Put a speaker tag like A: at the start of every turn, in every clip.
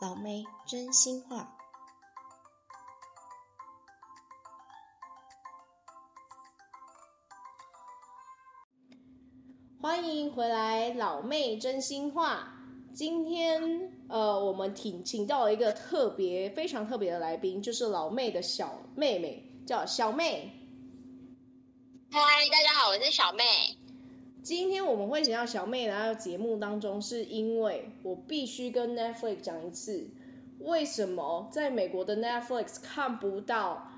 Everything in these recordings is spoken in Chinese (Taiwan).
A: 老妹，真心話。歡迎回來，老妹，真心話。今天呃，我們請請到了一個特別、非常特別的來賓，就是老妹的小妹妹，叫小妹。
B: 嗨，大家好，我是小妹。
A: 今天我們會請到小妹來到節目當中，是因為我必須跟 Netflix 講一次，為什麼在美國的 Netflix 看不到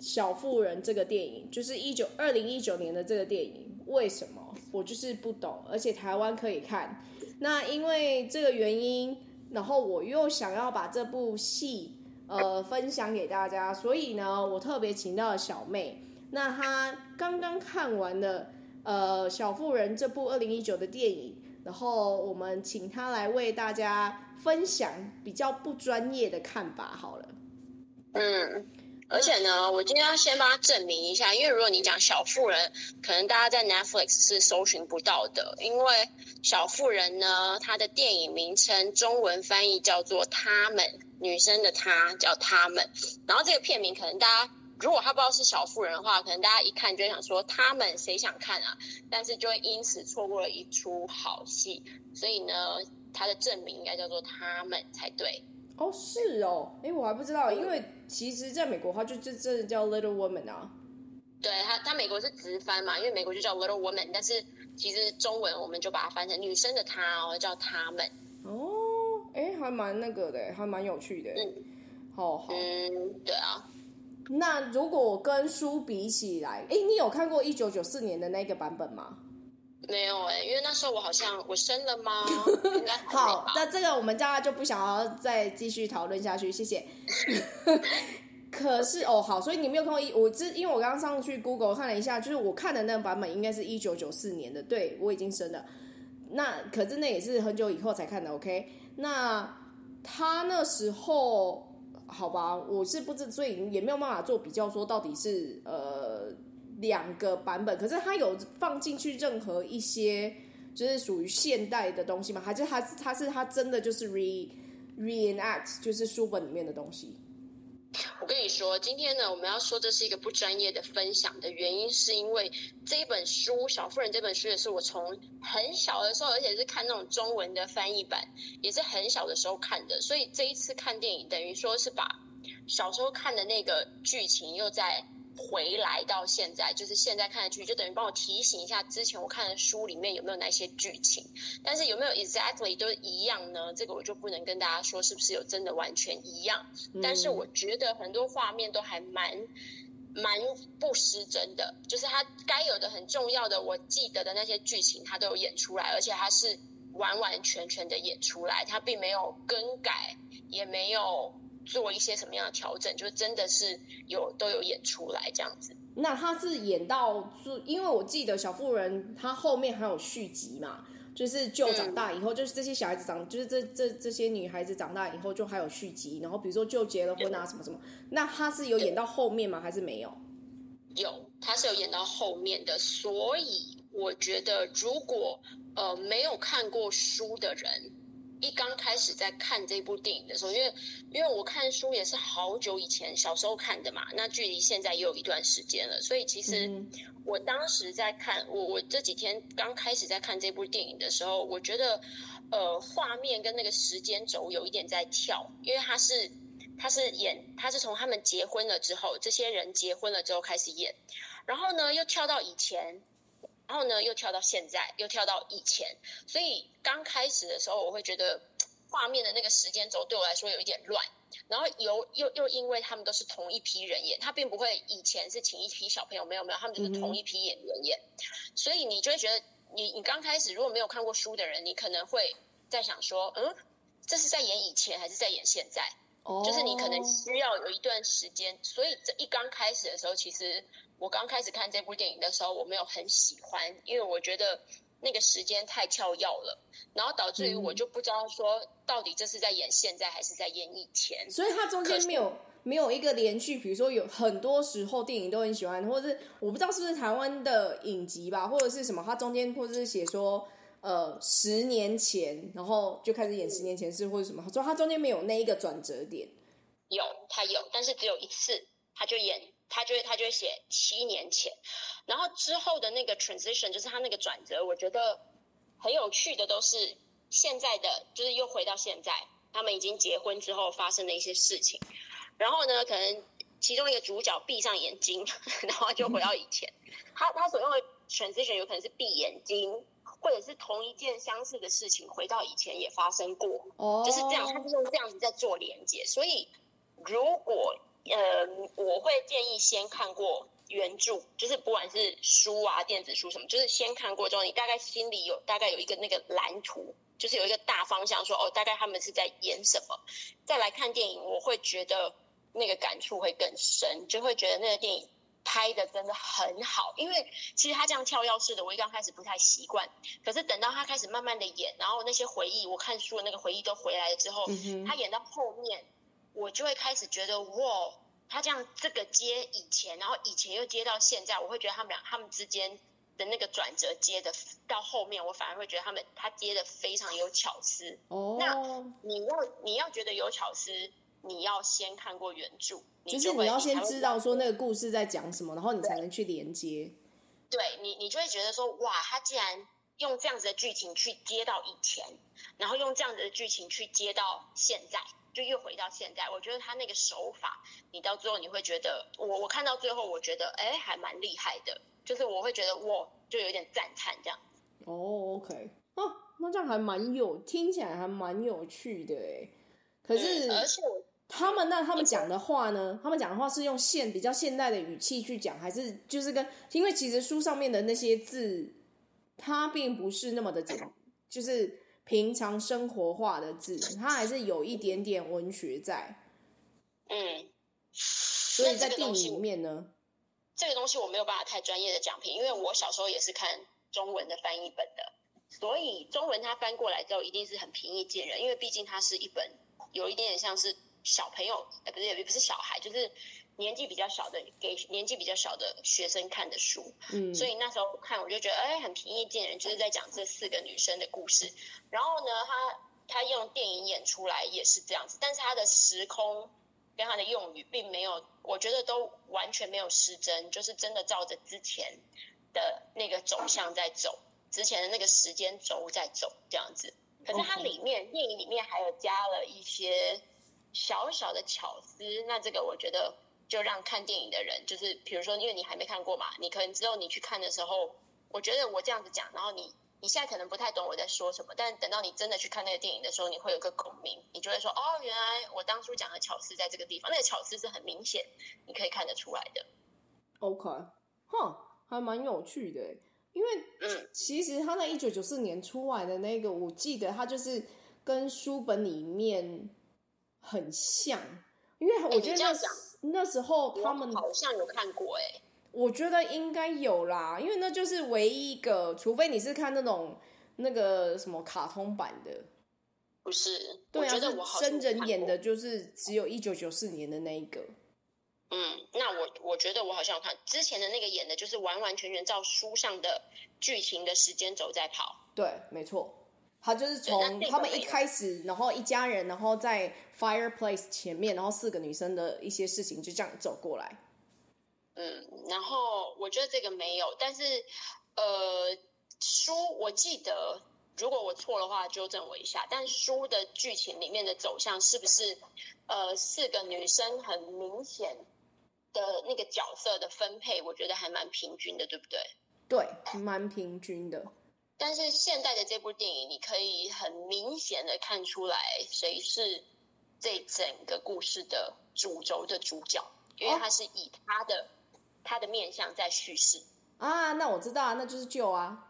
A: 《小婦人》這個電影？就是一九二零一九年的這個電影，為什麼我就是不懂？而且台灣可以看，那因為這個原因，然後我又想要把這部戲呃分享給大家，所以呢，我特別請到了小妹。那她剛剛看完了。呃，《小婦人》這部二零一九的電影，然後我們請他來為大家分享比較不專業的看法。好了，
B: 嗯，而且呢，我今天要先幫他證明一下，因為如果你講《小婦人》，可能大家在 Netflix 是搜尋不到的，因為《小婦人》呢，她的電影名稱中文翻譯叫做“她們”，女生的“她”叫“她們”，然後這個片名可能大家。如果他不知道是小婦人的話，可能大家一看就會想說她們，誰想看啊？但是就會因此錯過了一出好戲。所以呢，他的正名應該叫做他們才對。
A: 哦，是哦，哎、欸，我還不知道，嗯、因為其實在美國話就這這叫 Little Woman 啊。
B: 對，他，他美國是直翻嘛，因為美國就叫 Little Woman，但是其實中文我們就把它翻成女生的她哦，叫她們。
A: 哦，哎、欸，還蠻那個的，還蠻有趣的。嗯，好好。好嗯，對啊。那如果我跟書比起來，欸、你有看過一九九四年的那個版本嗎？沒有、欸、
B: 因為那時候我
A: 好像我生了嗎？ 好，那這個我們大家就不想要再繼續討論下去，謝謝。 可是哦，好，所以你沒有看過一，我之因為我剛剛上去 Google 看了一下，就是我看的那個版本應該是一九九四年的，對我已經生了。那可是那也是很久以後才看的，OK？那他那時候。好吧，我是不知，所以也沒有辦法做比較，說到底是呃，兩個版本。可是它有放進去任何一些就是屬於現代的東西嗎？還是它就它，它是它真的就是 re reenact 就是書本裡面的東西？
B: 我跟你說，今天呢，我們要說這是一個不專業的分享的原因，是因為這一本書《小婦人》這本書也是我從很小的時候，而且是看那種中文的翻譯版，也是很小的時候看的，所以這一次看電影，等於說是把小時候看的那個劇情又在。回來到現在，就是現在看的劇，就等於幫我提醒一下之前我看的書裡面有沒有那些劇情，但是有沒有 exactly 都一樣呢？這個我就不能跟大家說是不是有真的完全一樣。嗯。但是我覺得很多畫面都還蠻蠻不失真的，就是他該有的很重要的，我記得的那些劇情他都有演出來，而且他是完完全全的演出來，他並沒有更改，也沒有。做一些什麼樣的調整，就真的是有都有演出來這樣子。
A: 那他是演到，就，因為我記得《小婦人》她後面還有續集嘛，就是就長大以後，嗯、就是這些小孩子長，就是這這這，這些女孩子長大以後就還有續集。然後比如說就結了婚啊，嗯、什麼什麼。那他是有演到後面嗎？嗯、還是沒有？
B: 有，他是有演到後面的。所以我覺得，如果呃沒有看過書的人。一剛開始在看這部電影的時候，因為因為我看書也是好久以前小時候看的嘛，那距離現在也有一段時間了，所以其實我當時在看，我我這幾天剛開始在看這部電影的時候，我覺得呃畫面跟那個時間軸有一點在跳，因為他是他是演他是從他們結婚了之後，這些人結婚了之後開始演，然後呢又跳到以前。然後呢，又跳到現在，又跳到以前，所以剛開始的時候，我會覺得畫面的那個時間軸對我來說有一點亂。然後又又又因為他們都是同一批人演，他並不會，以前是請一批小朋友，沒有沒有，他們就是同一批演員演，嗯嗯，所以你就會覺得你你剛開始如果沒有看過書的人，你可能會在想說，嗯，這是在演以前還是在演現在？哦，就是你可能需要有一段時間。所以這一剛開始的時候，其實。我剛開始看這部電影的時候，我沒有很喜歡，因為我覺得那個時間太跳躍了，然後導致於我就不知道說到底這是在演現在還是在演以
A: 前。所以他中間沒有是沒有一個連續，比如說有很多時候電影都很喜歡，或者是我不知道是不是台灣的影集吧，或者是什麼，他中間或者是寫說呃十年前，然後就開始演十年前是或者什麼，他說他中間沒有那一個轉折點。
B: 有，他有，但是只有一次，他就演。他就會他就會寫七年前，然後之後的那個 transition 就是他那個轉折。我覺得很有趣的都是現在的，就是又回到現在，他們已經結婚之後發生的一些事情。然後呢，可能其中一個主角閉上眼睛，然後就回到以前。他他所用的 transition 有可能是閉眼睛，或者是同一件相似的事情回到以前也發生過，就是這樣，他就用這樣子在做連接。所以如果。呃，我會建議先看過原著，就是不管是書啊、電子書什麼，就是先看過之後，你大概心裡有大概有一個那個藍圖，就是有一個大方向說，說哦，大概他們是在演什麼，再來看電影，我會覺得那個感觸會更深，就會覺得那個電影拍的真的很好，因為其實他這樣跳躍式的，我一剛開始不太習慣，可是等到他開始慢慢的演，然後那些回憶，我看書的那個回憶都回來了之後，嗯、哼他演到後面。我就會開始覺得哇，他這樣這個接以前，然後以前又接到現在，我會覺得他們倆，他們之間的那個轉折接的到後面，我反而會覺得他們他接的非常有巧思。哦、oh.，那你要你要覺得有巧思，你要先看過原著，就是你要先知道
A: 說那個故事在講什麼，然後你才能去連接。
B: 對，對你，你就會覺得說哇，他竟然用這樣子的劇情去接到以前，然後用這樣子的劇情去接到現在。就又回到現在，我覺得他那個手法，你到最後你會覺得，我我看到最後，我覺得，哎，還蠻厲害的，就是我會覺得，我就有點讚嘆這樣。
A: 哦，OK，哦，啊，那這樣還蠻有，聽起來還蠻有趣的哎。可是，而且他們那他們講的話呢，他們講的話是用現比較現代的語氣去講，還是就是跟，因為其實書上面的那些字，它並不是那麼的簡， 就是。平常生活化的字，它還是有一點點文學在，
B: 嗯，
A: 所以，在電影裡面呢，
B: 這個東西我沒有辦法太專業的講評，因為我小時候也是看中文的翻譯本的，所以中文它翻過來之後一定是很平易近人，因為畢竟它是一本有一點點像是小朋友，欸、不是也不是小孩，就是。年紀比較小的，給年紀比較小的學生看的書，嗯，所以那時候我看我就覺得，哎、欸，很平易近人，就是在講這四個女生的故事。然後呢，她她用電影演出來也是這樣子，但是她的時空跟她的用語並沒有，我覺得都完全沒有失真，就是真的照着之前的那個走向在走，哦、之前的那個時間軸在走這樣子。可是它裡面 Okay. 電影裡面還有加了一些小小的巧思，那這個我覺得。就讓看電影的人，就是比如說，因為你還沒看過嘛，你可能之後你去看的時候。我覺得我這樣子講，然後你你現在可能不太懂我在說什麼，但等到你真的去看那個電影的時候，你會有個共鳴，你就會說：“哦，原來我當初講的巧思在這個地方，那個巧思是很明顯，你可以看得出來的。”
A: OK，哼、huh,，還蠻有趣的，因為其實他在一九九四年出來的那個，嗯、我記得他就是跟書本裡面很像，因為我覺得那講。欸那時候他們好像有看過哎、欸，我覺得應該有啦，因為那就是唯一一個，除非你是看那種那個什麼卡通版的，
B: 不是？對啊，我覺得我真
A: 人演的就是只有一九九四年的那一個。
B: 嗯，那我我覺得我好像有看，有、嗯、像有看之前的那個演的，就是完完全全照書上的劇情的時間軸在跑。
A: 對，沒錯。他就是從他們一開始，然後一家人，然後在 fireplace 前面，然後四個女生的一些事情就這樣走過來。
B: 嗯，然後我覺得這個沒有，但是呃，書我記得，如果我錯的話，糾正我一下。但書的劇情裡面的走向是不是，呃，四個女生很明顯的那個角色的分配，我覺得還蠻平均的，對不對？
A: 對，蠻平均的。
B: 但是現代的這部電影，你可以很明顯的看出來誰是這整
A: 個故事的主軸的主角，
B: 因為他是以他的、哦、他的面向在敘事。
A: 啊，那我知道啊，那就是喬啊。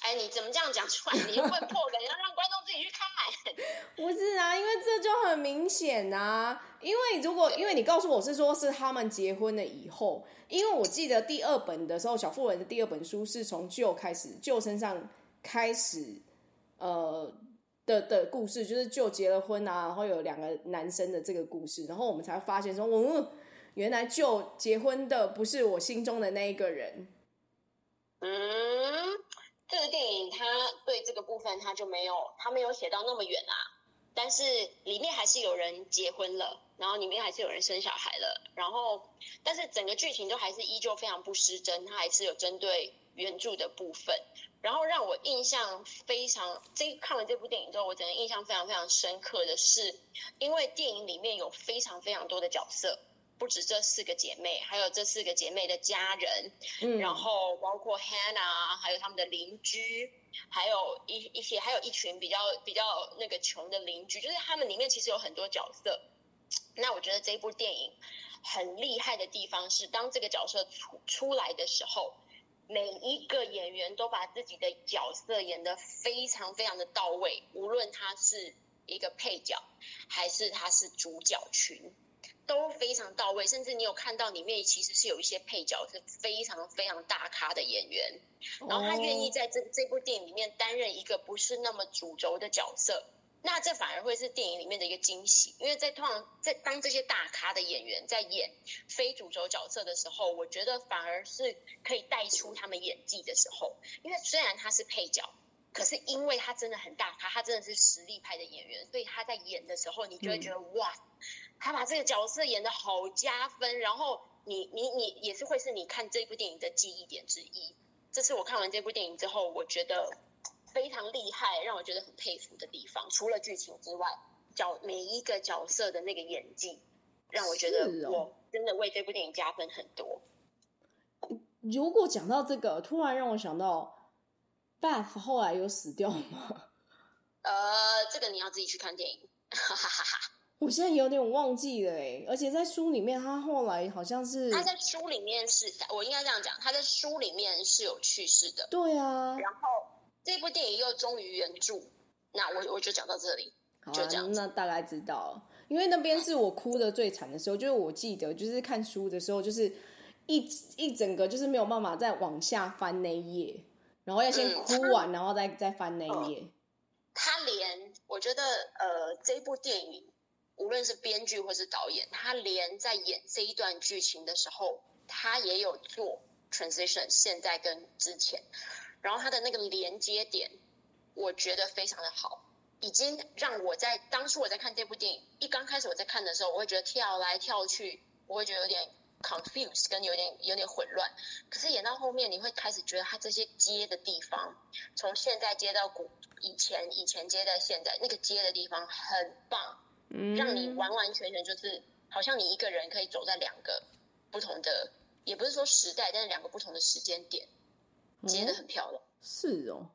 A: 哎、
B: 欸，你怎麼這樣講出
A: 來？你又破了 要讓觀眾自己去看。不是啊，因為這就。很明顯啊，因為如果因為你告訴我是說是他們結婚了以後，因為我記得第二本的時候，小婦人的第二本書是從舅開始，舅身上開始呃的的故事，就是舅結了婚啊，然後有兩個男生的這個故事，然後我們才發現說，哦、嗯，原來舅結婚的不是我心中的那一個人。嗯，這個電影
B: 它對這個部分它就沒有，它沒有寫到那麼遠啊。但是裡面還是有人結婚了，然後裡面還是有人生小孩了，然後但是整個劇情都還是依舊非常不失真，它還是有針對原著的部分。然後讓我印象非常，這看完這部電影之後，我整個印象非常非常深刻的是，因為電影裡面有非常非常多的角色。不止這四個姐妹，還有這四個姐妹的家人，
A: 嗯，然後
B: 包括 Hannah，還有他們的鄰居，還有一一些，還有一群比較比較那個窮的鄰居，就是他們裡面其實有很多角色。那我覺得這部電影很厲害的地方是，當這個角色出出來的時候，每一個演員都把自己的角色演得非常非常的到位，無論他是一個配角，還是他是主角群，都非常到位，甚至你有看到裡面其實是有一些配角是非常非常大咖的演員，然後他願意在這這部電影裡面擔任一個不是那麼主軸的角色，那這反而會是電影裡面的一個驚喜，因為在通常在當這些大咖的演員在演非主軸角色的時候，我覺得反而是可以帶出他們演技的時候，因為雖然他是配角，可是因為他真的很大咖，他真的是實力派的演員，所以他在演的時候，你就會覺得哇。嗯他把這個角色演得好加分，然後你你你也是會是你看這部電影的記憶點之一。這是我看完這部電影之後，我覺得非常厲害，讓我覺得很佩服的地方。除了劇情之外，角每一個角色的那個演技，讓我覺得我真的為這部電影加分很多。
A: 哦，如果講到這個，突然讓我想到 Beth 後來有死掉嗎？
B: 呃，這個你要自己去看電影。哈哈哈哈。
A: 我現在有點忘記了誒、欸，而且在書裡面，他後來好像是他在
B: 書裡面是，我應該這樣講，他在書裡面是有去世
A: 的，對啊。然後
B: 這部電影又忠於原著，那我我就講到這裡，
A: 好啊，就這樣子。那大概知道了，因為那邊是我哭的最慘的時候，就是我記得，就是看書的時候，就是一一整個就是沒有辦法再往下翻那一頁，然後要先哭完，嗯、然後再它再翻那一頁。
B: 他連我覺得，呃，這部電影。無論是編劇或是導演，他連在演這一段劇情的時候，他也有做 transition 現在跟之前，然後他的那個連接點，我覺得非常的好，已經讓我在當初我在看這部電影一剛開始我在看的時候，我會覺得跳來跳去，我會覺得有點 confuse 跟有點有點混亂。可是演到後面，你會開始覺得他這些接的地方，從現在接到古以前，以前接到現在，那個接的地方很棒。嗯、讓你完完全全就是，好像你一個人可以走在兩個不同的，也不是說時代，但是兩個不同的時間點，簡直很漂亮。
A: 嗯，是哦，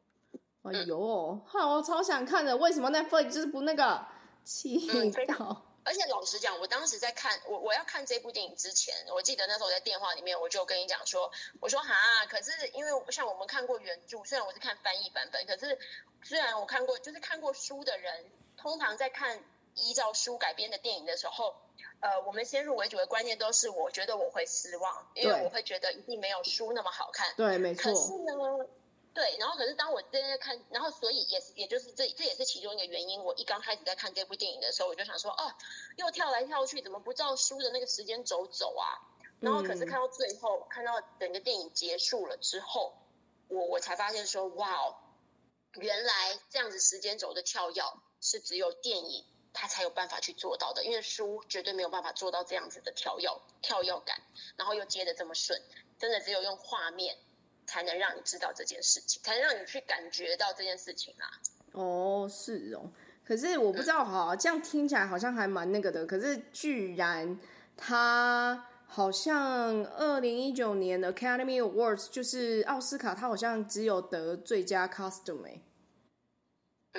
A: 哎呦，好、嗯，我、哦、超想看的。為什麼那份就是不那個氣？嗯，非常好。
B: 而且老實講，我當時在看我我要看這部電影之前，我記得那時候我在電話裡面我就跟你講說，我說哈，可是因為像我們看過原著，雖然我是看翻譯版本，可是雖然我看過，就是看過書的人，通常在看。依照書改編的電影的時候，呃，我們先入為主的觀念都是，我覺得我會失望，對因為我會覺得一定沒有書那麼好看。對，沒錯。可是呢，對，然後可是當我真的看，然後所以也是，也就是這這也是其中一個原因。我一剛開始在看這部電影的時候，我就想說，哦、啊，又跳來跳去，怎麼不照書的那個時間軸走，走啊？然
A: 後可是看
B: 到最後，嗯、看到整個電影結束了之後，我我才發現說，哇哦，原來這樣子時間軸的跳躍是只有電影。他才有辦法去做到的，因為書絕對沒有辦法做到這樣子的跳躍跳躍感，然後又接的這麼順，真的只有用畫面，才能讓你知道這件事情，才能讓你去感覺到這件事情啊。
A: 哦，是哦。可是我不知道哈，嗯、這樣聽起來好像還蠻那個的。可是居然他好像二零一九年的 Academy Awards 就是奧斯卡，他好像只有得最佳 Costume。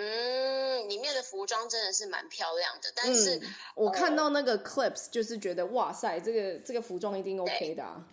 B: 嗯，裡面的服裝真的是蠻漂亮的，
A: 但是、嗯呃、我看到那個 clips 就是覺得，哇塞，這個這個服裝一定 OK 的，啊，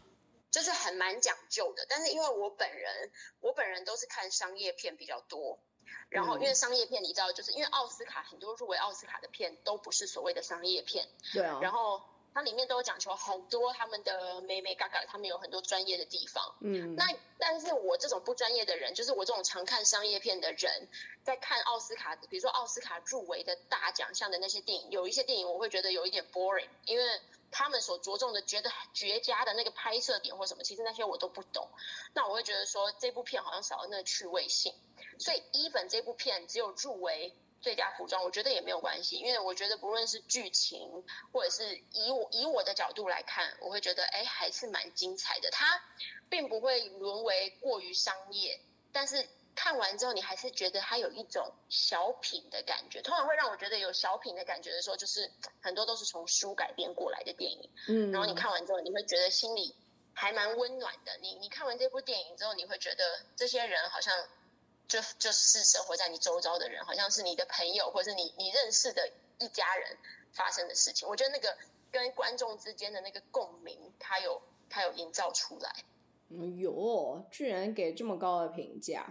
B: 就是很蠻講究的。但是因為我本人，我本人都是看商業片比較多，嗯、然後因為商業片，你知道，就是因為奧斯卡很多入圍奧斯卡的片都不是所謂的商業片，
A: 對啊，然後。
B: 它裡面都有講求很多他們的美美嘎嘎，他們有很多專業的地方。嗯，那但是我這種不專業的人，就是我這種常看商業片的人，在看奧斯卡，比如說奧斯卡入圍的大獎項的那些電影，有一些電影我會覺得有一點 boring，因為他們所着重的覺得絕佳的那個拍攝點或什麼，其實那些我都不懂。那我會覺得說這部片好像少了那個趣味性，所以 Even 這部片只有入圍。最佳服裝，我覺得也沒有關係，因為我覺得不論是劇情，或者是以我以我的角度來看，我會覺得誒，還是蠻精彩的。它並不會淪為過於商業，但是看完之後，你還是覺得它有一種小品的感覺。通常會讓我覺得有小品的感覺的時候，就是很多都是從書改編過來的電影。嗯，
A: 然後你看完
B: 之後，你會覺得心裡還蠻溫暖的。你你看完這部電影之後，你會覺得這些人好像。就就是生活在你周遭的人，好像是你的朋友，或是你你認識的一家人發生的事情。我覺得那個跟觀眾之間的那個共鳴，他有他有營造出來。
A: 嗯，有，居然給這麼高的評價。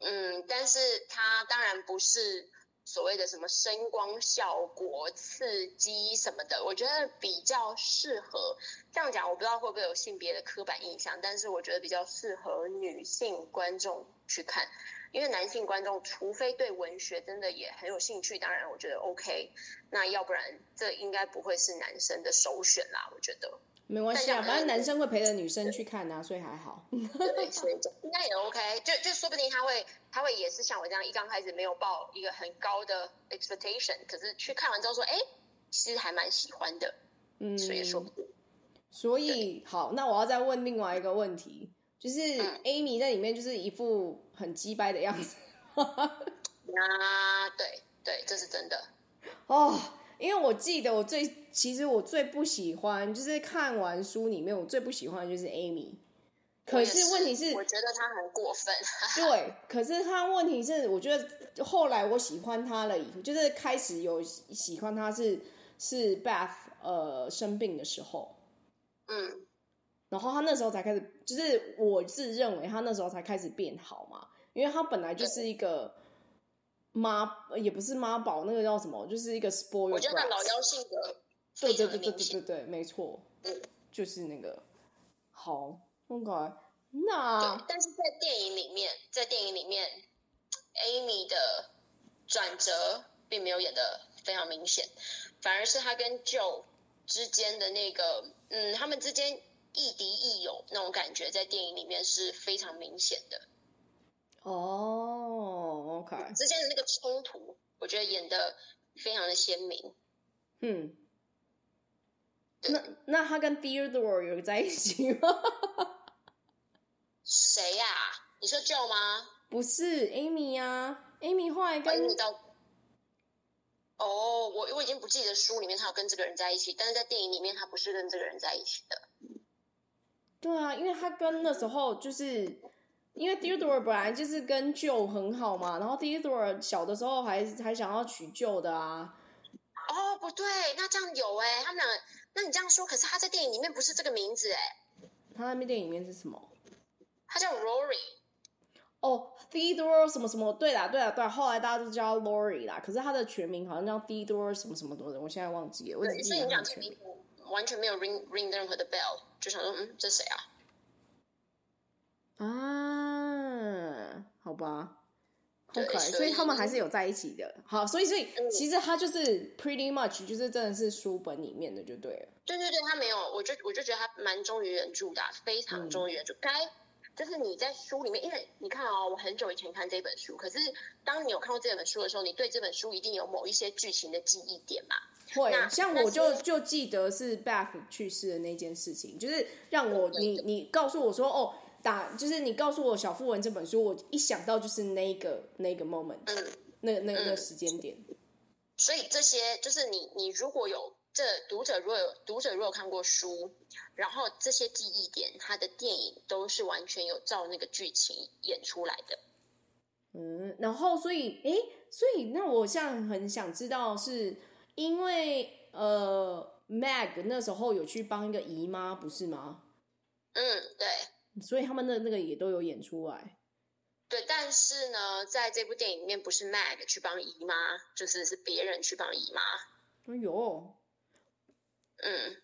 B: 嗯，但是他當然不是。所謂的什麼聲光效果、刺激什麼的，我覺得比較適合這樣講。我不知道會不會有性別的刻板印象，但是我覺得比較適合女性觀眾去看，因為男性觀眾除非對文學真的也很有興趣，當然我覺得 OK，那要不然這應該不會是男生的首選啦，我覺得。
A: 沒關係啊，反正男生會陪着女生去看吶、啊，對，所以還好。對，
B: 對，對，所以應該也 OK，就就說不定他會。他會也是像我這樣，一剛開始沒有抱一個很高的 expectation，可是去看完之後說，哎、欸，其實還蠻喜歡的，嗯，
A: 所以說不，所以對好，那我要再問另外一個問題，就是 Amy 在裡面就是一副很雞掰的樣子，
B: 啊，對對，這是真的
A: 哦，因為我記得我最其實我最不喜歡就是看完書裡面我最不喜歡的就是 Amy。可是問題是，
B: 我覺得
A: 他很過分。對， 可是他問題是，我覺得後來我喜歡他了，以後就是開始有喜歡他是是 Beth 呃生病的時候，嗯，然後他那時候才開始，就是我自認為他那時候才開始變好嘛，因為他本來就是一個媽、嗯、也不是媽寶，那個叫什麼，就是一個 spoiled，我覺得他老幺性
B: 格，
A: 對對對對對對對，沒錯，嗯、就是那個好。那 Okay .、nah, 對，
B: 但是在電影裡面，在電影裡面，Amy 的轉折並沒有演得非常明顯，反而是他跟 Joe 之間的那個，嗯，他們之間亦敵亦友那種感覺，在電影裡面是非常明顯的。
A: 哦、oh,，OK，之
B: 間的那個衝突，我覺得演得非常的鮮明。
A: 嗯、hmm.， 那那他跟 Theodore 有在一起嗎？
B: 誰呀、啊？你說 Joe 嗎？
A: 不是，Amy 呀、啊。Amy 後來跟哦，我、
B: oh, 我已經不記得書裡面他有跟這個人在一起，但是在電影裡面他不是跟這個人在一起的。
A: 對啊，因為他跟那時候就是，因為 Theodore 本來就是跟 Joe 很好嘛，然後 Theodore 小的時候還還想要娶 Joe 的啊。哦，oh, 不對，那這樣
B: 有哎、欸，他們兩個，那你這樣說，可是他在電影裡面不是這個名字哎、欸。
A: 他那邊電影裡面是什麼？他叫 Rory，哦、oh,，Theodore 什麼什麼，對啦，對啦，對啦，後來大家都叫 Rory 啦。可是他的全名好像叫 Theodore 什麼什麼的人，我現在忘記了。對，我的所以你
B: 講全
A: 名完全沒有 ring ring 的任何的 bell，就想說，嗯，這誰啊？啊，好吧，對好可愛所以,所以他們還是有在一起的。好，所以所以對其實他就是 pretty much 就是真的是書本裡面的就對了。對對對，他沒有，我就我就覺得他蠻忠於原著的，非常忠於原著，該、嗯。就
B: 就是你在書裡面，因為你看哦，我很久以前看這本書，可是當你有看過這本書的時候，你對這本書一定有某一些劇情的記憶點嘛？
A: 會，像我就那是就記得是 Beth 去世的那件事情，就是讓我對對對你你告訴我說哦，打就是你告訴我小婦人這本書，我一想到就是那個那個 moment，嗯，那那個時間點，
B: 所以這些就是你你如果有。這讀者若有讀者若有看過書，然後這些記憶點，他的電影都是完全有照那個劇情演出來的。嗯，
A: 然後所以，哎，所以那我像很想知道是，因為呃，Meg 那時候有去幫一個姨媽，不是嗎？嗯，對。所以他們的那個也都有演出來。
B: 對，但是呢，在這部電影裡面，不是 Meg 去幫姨媽，就是是別人去幫姨媽。
A: 哎呦。嗯，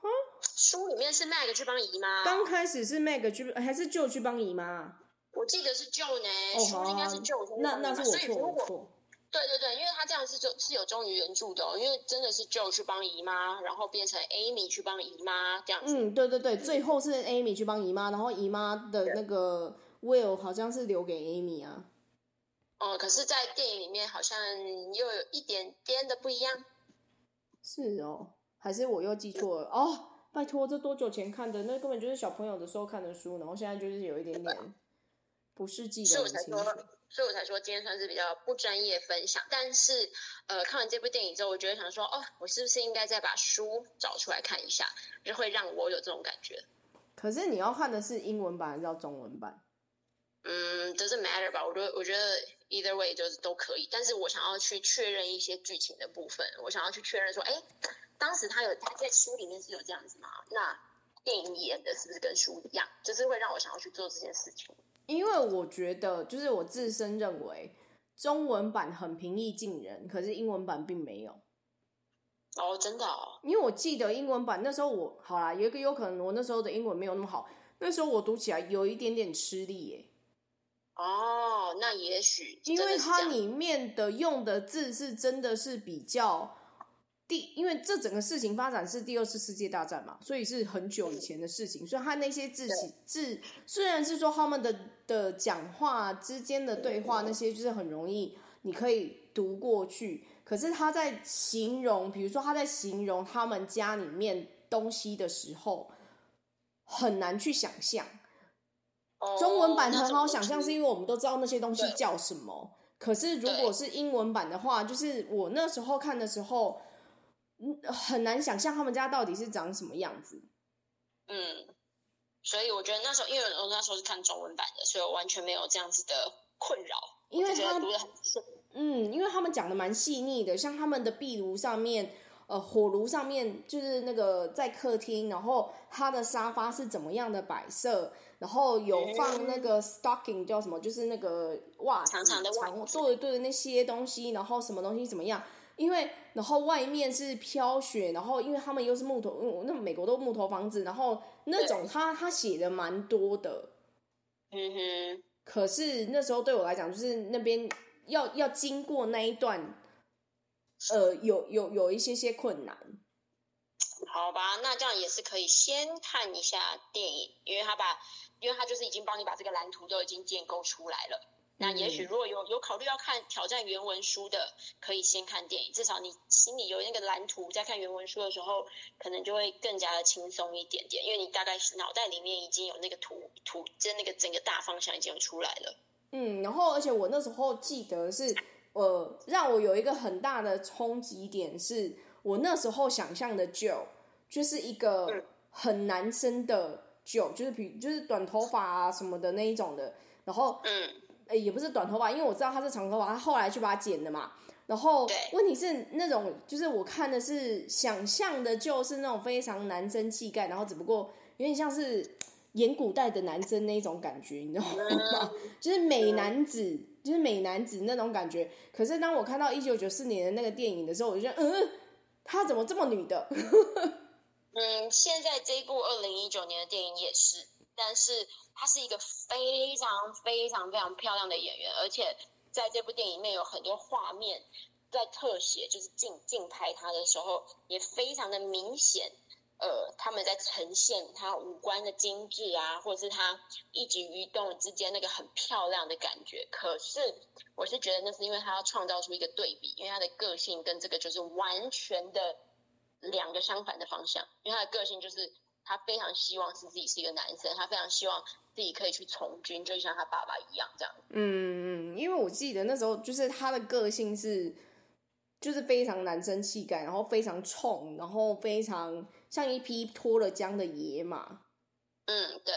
B: 哼哈，書裡面是 Meg 去幫姨媽，剛開
A: 始是 Meg 去，還是 Joe 去幫姨媽？
B: 我記得是 Joe 呢，哦、書應該是 Joe 先、哦啊。那那是我錯。對對對，因為他這樣是忠是有忠於原著的、哦，因為真的是 Joe 去幫姨媽，然後變成 Amy 去幫姨媽這
A: 樣子。嗯，對對對，最後是 Amy 去幫姨媽，然後姨媽的那個 Will 好像是留給 Amy 啊。
B: 哦、嗯，可是，在電影裡面好像又有一點點的不一樣。
A: 是哦。還是我又記錯了哦！拜託，這多久前看的？那根本就是小朋友的時候看的書，然後現在就是有一點點不是記得很清楚。所以我才
B: 說，所以我才說今天算是比較不專業分享。但是，呃，看完這部電影之後，我覺得想說，哦，我是不是應該再把書找出來看一下？就會讓我有這種感覺。
A: 可是你要看的是英文版，還是中文版？
B: 嗯，doesn't matter 吧，我覺得我覺得 either way 就是都可以，但是我想要去確認一些劇情的部分，我想要去確認說，哎、欸，當時他有他在書裡面是有這樣子嗎？那電影演的是不是跟書一樣？就是會讓我想要去做這件事情。
A: 因為我覺得，就是我自身認為中文版很平易近人，可是英文版並沒有。哦，真的哦？因為我記得英文版那時候我好啦，有有可能我那時候的英文沒有那麼好，那時候我讀起來有一點點吃力欸，耶。
B: 哦，那也許，
A: 因為它裡面的用的字是真的是比較第，因為這整個事情發展是第二次世界大戰嘛，所以是很久以前的事情，所以他那些字是，對，字雖然是說他們的的講話之間的對話，嗯嗯，那些就是很容易你可以讀過去，可是他在形容，比如說他在形容他們家裡面東西的時候，很難去想象。中文版很好想象，是因為我們都知道那些東西叫什麼。對可是如果是英文版的話，對就是我那時候看的時候，嗯，很難想象他們家到底是長什麼樣子。嗯，
B: 所以我覺得那時候，因為我那時候是看中文
A: 版的，所以我完全沒有這樣子的困擾。因為他，他讀的很順，嗯，因為他們講的蠻細膩的，像他們的壁爐上面。呃，火爐上面就是那個在客廳，然後他的沙發是怎麼樣的擺設，然後有放那個 stocking 叫什麼？就是那個襪子，長長的，對的對的，那些東西，然後什麼東西怎麼樣？因為然後外面是飄雪，然後因為他們又是木頭，嗯，那美國都是木頭房子，然後那種他他對寫的蠻多的，嗯哼。可是那時候對我來講，就是那邊要要經過那一段。呃，有有有一些些困難，
B: 好吧，那這樣也是可以先看一下電影，因為他把，因為他就是已經幫你把這個藍圖都已經建構出來了。那也許如果有有考慮要看挑戰原文書的，可以先看電影，至少你心裡有那個藍圖，在看原文書的時候，可能就會更加的輕鬆一點點，因為你大概腦袋裡面已經有那個圖圖，就那個整個大方向已經出來了。
A: 嗯，然後而且我那時候記得是。呃，讓我有一個很大的衝擊點是，是我那時候想象的 Jo, 就是一個很男生的 Jo, 就是比就是短頭髮啊什麼的那一種的，然後嗯、欸，也不是短頭髮，因為我知道他是長頭髮，他後來去把他剪了嘛。然後問題是那種就是我看的是想象的就是那種非常男生氣概，然後只不過有點像是演古代的男生那種感覺，你知道嗎？嗯、 就是美男子。就是美男子那種感覺，可是當我看到一九九四年的那個電影的時候，我就覺得，嗯，他怎麼這麼女的？
B: 嗯，現在這一部二零一九年的電影也是，但是他是一個非常非常非常漂亮的演員，而且在這部電影裡面有很多畫面在特寫，就是近近拍他的時候也非常的明顯。他們在呈現他五官的精致啊，或者是他一舉一動之間那個很漂亮的感覺。可是我是覺得，那是因為他要創造出一個對比，因為他的個性跟這個就是完全的兩個相反的方向。因為他的個性就是他非常希望是自己是一個男生，他非常希望自己可以去從軍，就像他爸爸一樣這樣。
A: 嗯，因為我記得那時候就是他的個性是，就是非常男生氣概，然後非常衝，然後非常。像一匹脫了韁的野馬，嗯，對，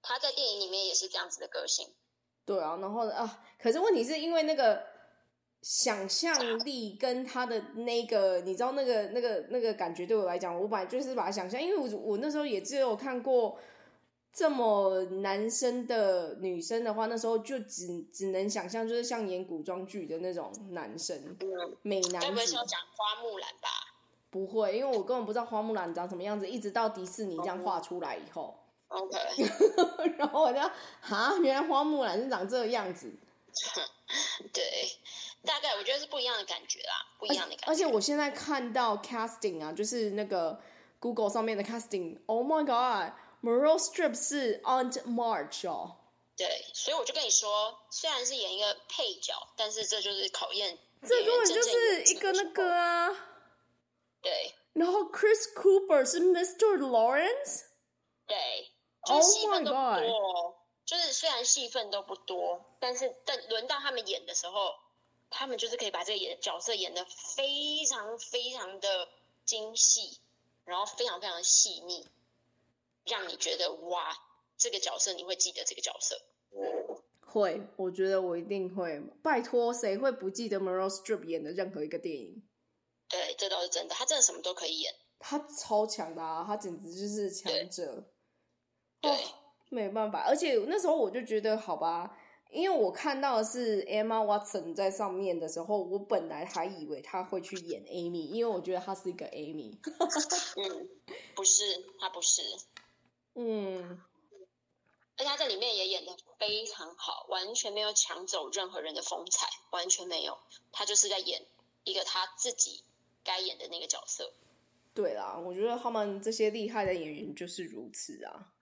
A: 他
B: 在電影裡
A: 面也是這樣子的個性。對啊，然後啊，可是問題是因為那個想象力跟他的那個，啊、你知道那個那個那個感覺，對我來講，我本來就是把他想象，因為我我那時候也只有看過這麼男生的女生的話，那時候就只只能想象，就是像演古裝劇的那種男生，美男子要
B: 講花木蘭吧？
A: 不會，因為我根本不知道花木蘭長什麼樣子，一直到迪士尼這樣畫出來以後，oh, wow，OK， 然後我就哈，原來花木蘭是長這個樣子，
B: 對，大概我覺得是不一樣的感覺啦，不一樣的感覺。
A: 而且我現在看到 casting 啊，就是那個 Google 上面的 casting，Oh my God，Meryl Streep 是 Aunt March 哦。對，所以
B: 我就跟你說，雖然是演一個配角，但是這
A: 就是考驗，這根本就是一個那個啊。對，然後、no, Chris Cooper 是 Mr. Lawrence，對，oh、就是戲份都不多、
B: 哦，God 就是雖然戲份都不多，但是但輪到他們演的時候，他們就是可以把這個演角色演得非常非常的精細，然後非常非常細膩，讓你覺得哇，這個角色你會記得這個角色，
A: 會，我覺得我一定會，拜託誰會不記得 Meryl Streep 演的任何一個電影？
B: 對，這都是真的。他真的什麼都可以演，
A: 他超強的啊！他簡直就是強者。對，沒辦法。而且那時候我就覺得，好吧，因為我看到的是 Emma Watson 在上面的時候，我本來還以為他會去演 Amy，因為我覺得他是一個 Amy。
B: 嗯，不是，他不是。
A: 嗯，
B: 而且他在裡面也演的非常好，完全沒有搶走任何人的風采，完全沒有。他就是在演一個他自己。該演的那個角
A: 色，對啦，我覺得他們這些厲害的演員就是如此啊，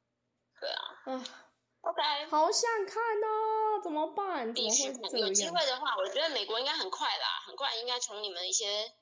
A: 對啊，嗯，OK，好想看哦，怎麼辦？必須，怎麼會，有機會的話，我覺得美國應
B: 該很快啦，很快應該從你們一些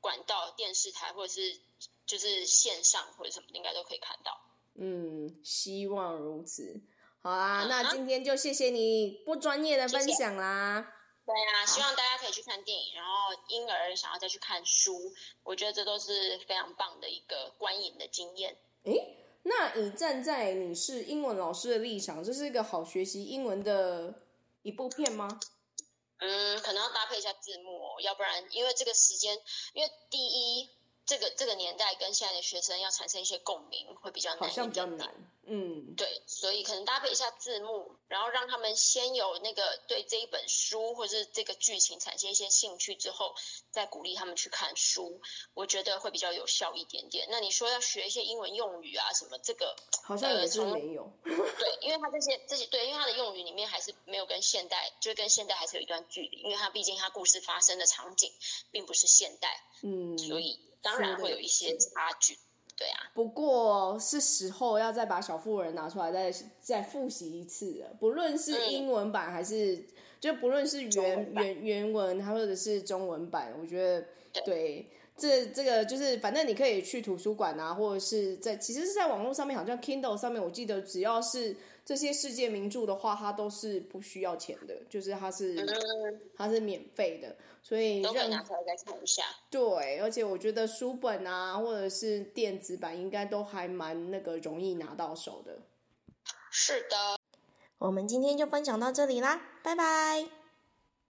B: 管道、電視台或者是就是線上或者什麼，應該都可以看到。
A: 嗯，希望如此。好啦，嗯啊、那今天就謝謝你不專業的分享啦。謝謝。
B: 對啊，希望大家可以去看電影，好然後因而想要再去看書，我覺得這都是非常棒的一個觀影的經驗。
A: 誒，那你站在你是英文老師的立場，這是一個好學習英文的一部片嗎？嗯，
B: 可能要搭配一下字幕哦，要不然因為這個時間，因為第一，這個這個年代跟現在的學生要產生一些共鳴，會比較難，好像比較難。嗯，對，所以可能搭配一下字幕，然後讓他們先有那個對這一本書或者是這個劇情產生一些興趣之後，再鼓勵他們去看書，我覺得會比較有效一點點。那你說要學一些英文用語啊什麼，這個
A: 好像也是沒有。呃、
B: 對，因為他這些這些對，因為他的用語裡面還是沒有跟現代，就是、跟現代還是有一段距離，因為他畢竟他故事發生的場景並不是現代，
A: 嗯，所以當然會有一些差距。嗯對啊，不過是時候要再把《小婦人》拿出來再，再再複習一次了。不論是英文版還是，嗯、就不論是原原原文，還或者是中文版，我覺得對這這個就是，反正你可以去圖書館啊，或者是在其實是在網絡上面，好像 Kindle 上面，我記得只要是。這些世界名著的話，它都是不需要錢的，就是它是它是免費的，所以都可以拿出
B: 來再看一下。
A: 對，而且我覺得書本啊，或者是電子版，應該都還蠻那個容易拿到手的。是的，我們今天就分享到這裡啦，拜拜。